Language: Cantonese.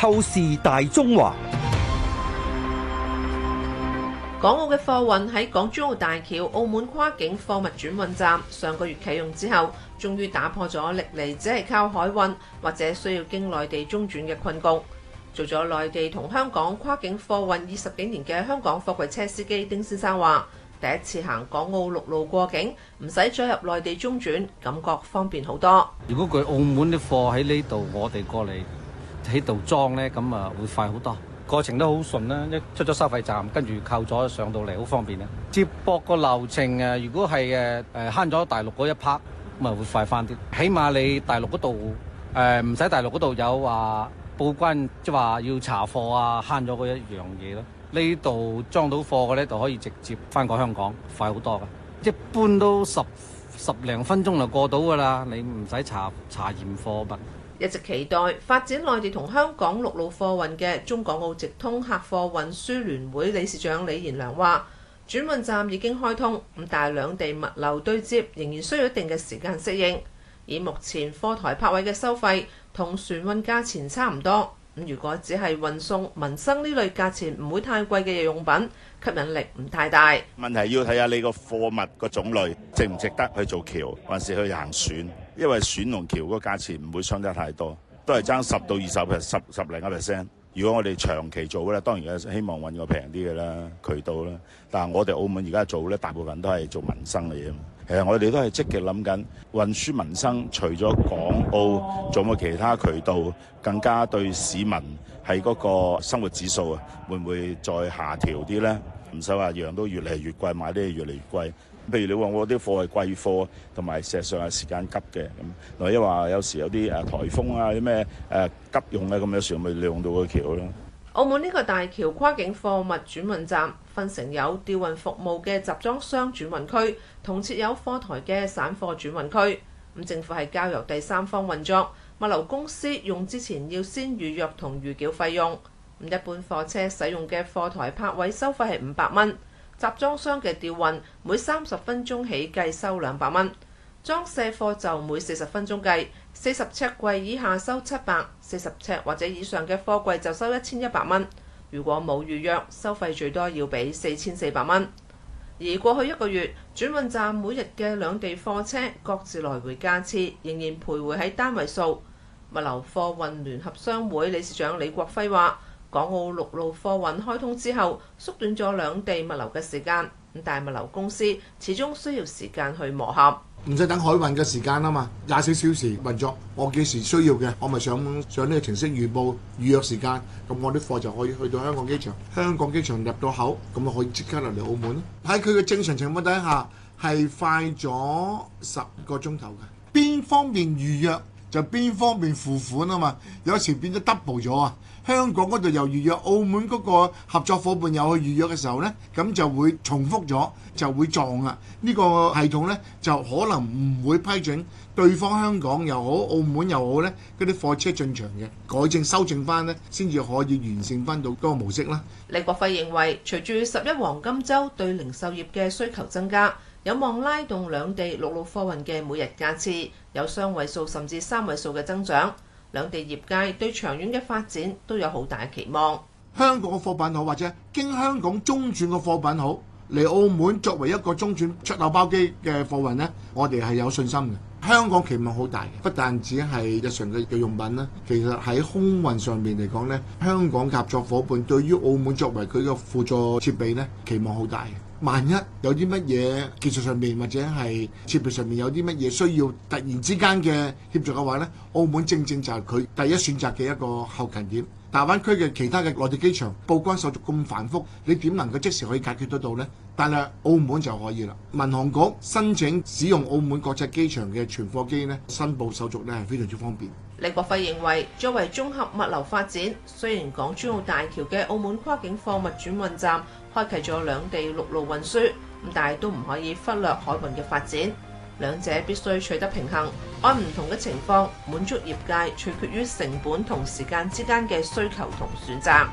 透視大中華，港澳嘅貨運喺港珠澳大橋、澳門跨境貨物轉運站上個月啟用之後，終於打破咗歷嚟只係靠海運或者需要經內地中轉嘅困局。做咗內地同香港跨境貨運二十幾年嘅香港貨櫃車司機丁先生話，第一次行港澳陸路過境，唔使再入內地中轉，感覺方便好多。如果佢澳門啲貨喺呢度，我哋過嚟。喺度裝咧，咁啊會快好多，過程都好順啦。一出咗收費站，跟住扣咗上到嚟，好方便啦。接駁個流程啊，如果係誒誒慳咗大陸嗰一 part，咁啊會快返啲。起碼你大陸嗰度誒唔使大陸嗰度有話、啊、報關，即係話要查貨啊，慳咗嗰一樣嘢咯。呢度裝到貨嘅咧，就可以直接返過香港，快好多㗎。一般都十十零分鐘就過到㗎啦，你唔使查查驗貨物。一直期待發展內地同香港陸路貨運嘅中港澳直通客貨運輸聯會理事長李賢良話：轉運站已經開通，咁但係兩地物流對接仍然需要一定嘅時間適應。以目前貨台泊位嘅收費同船運價錢差唔多，咁如果只係運送民生呢類價錢唔會太貴嘅日用品，吸引力唔太大。問題要睇下你個貨物個種類值唔值得去做橋，還是去行船？因為選龍橋嗰個價錢唔會相差太多，都係爭十到二十嘅十十零個 percent。如果我哋長期做嘅咧，當然係希望運個平啲嘅啦，渠道啦。但係我哋澳門而家做咧，大部分都係做民生嘅嘢。其實我哋都係積極諗緊運輸民生，除咗港澳，仲有冇其他渠道更加對市民喺嗰個生活指數啊？會唔會再下調啲咧？唔使話樣都越嚟越貴，買啲嘢越嚟越貴。譬如你話我啲貨係貴貨，同埋事實上係時間急嘅咁。嗱，因為話有時有啲誒颱風啊啲咩誒急用嘅咁，有時咪利用到個橋咯。澳門呢個大橋跨境貨物轉運站分成有吊運服務嘅集裝箱轉運區，同設有貨台嘅散貨轉運區。咁政府係交由第三方運作，物流公司用之前要先預約同預繳費用。咁一般貨車使用嘅貨台泊位收費係五百蚊，集裝箱嘅吊運每三十分鐘起計收兩百蚊，裝卸貨就每四十分鐘計四十尺櫃以下收七百，四十尺或者以上嘅貨櫃就收一千一百蚊。如果冇預約，收費最多要俾四千四百蚊。而過去一個月，轉運站每日嘅兩地貨車各自來回架次，仍然徘徊喺單位數。物流貨運聯合商會理事長李國輝話。港澳陸路貨運開通之後，縮短咗兩地物流嘅時間。咁但係物流公司始終需要時間去磨合。唔使等海運嘅時間啊嘛，廿四小時運作，我幾時需要嘅，我咪上上呢個程式預報預約時間，咁我啲貨就可以去到香港機場，香港機場入到口，咁就可以即刻落嚟澳門。喺佢嘅正常情況底下，係快咗十個鐘頭嘅。邊方面預約？就邊方面付款啊嘛？有時變咗 double 咗啊！香港嗰度又預約，澳門嗰個合作伙伴又去預約嘅時候呢，咁就會重複咗，就會撞啊！呢、呢個系統呢，就可能唔會批准對方香港又好，澳門又好呢，嗰啲貨車進場嘅，改正修正翻呢，先至可以完成翻到嗰個模式啦。李國輝認為，隨住十一黃金週對零售業嘅需求增加。有望拉動兩地陸路萬一有啲乜嘢技術上面或者係設備上面有啲乜嘢需要突然之間嘅協助嘅話呢，澳門正正就係佢第一選擇嘅一個後勤點。大灣區嘅其他嘅內地機場報關手續咁繁複，你點能夠即時可以解決得到呢？但係澳門就可以啦。民航局申請使用澳門國際機場嘅全貨機呢，申報手續呢係非常之方便。李國輝認為，作為綜合物流發展，雖然港珠澳大橋嘅澳門跨境貨物轉運站開啟咗兩地陸路運輸，但係都唔可以忽略海運嘅發展，兩者必須取得平衡，按唔同嘅情況，滿足業界取決於成本同時間之間嘅需求同選擇。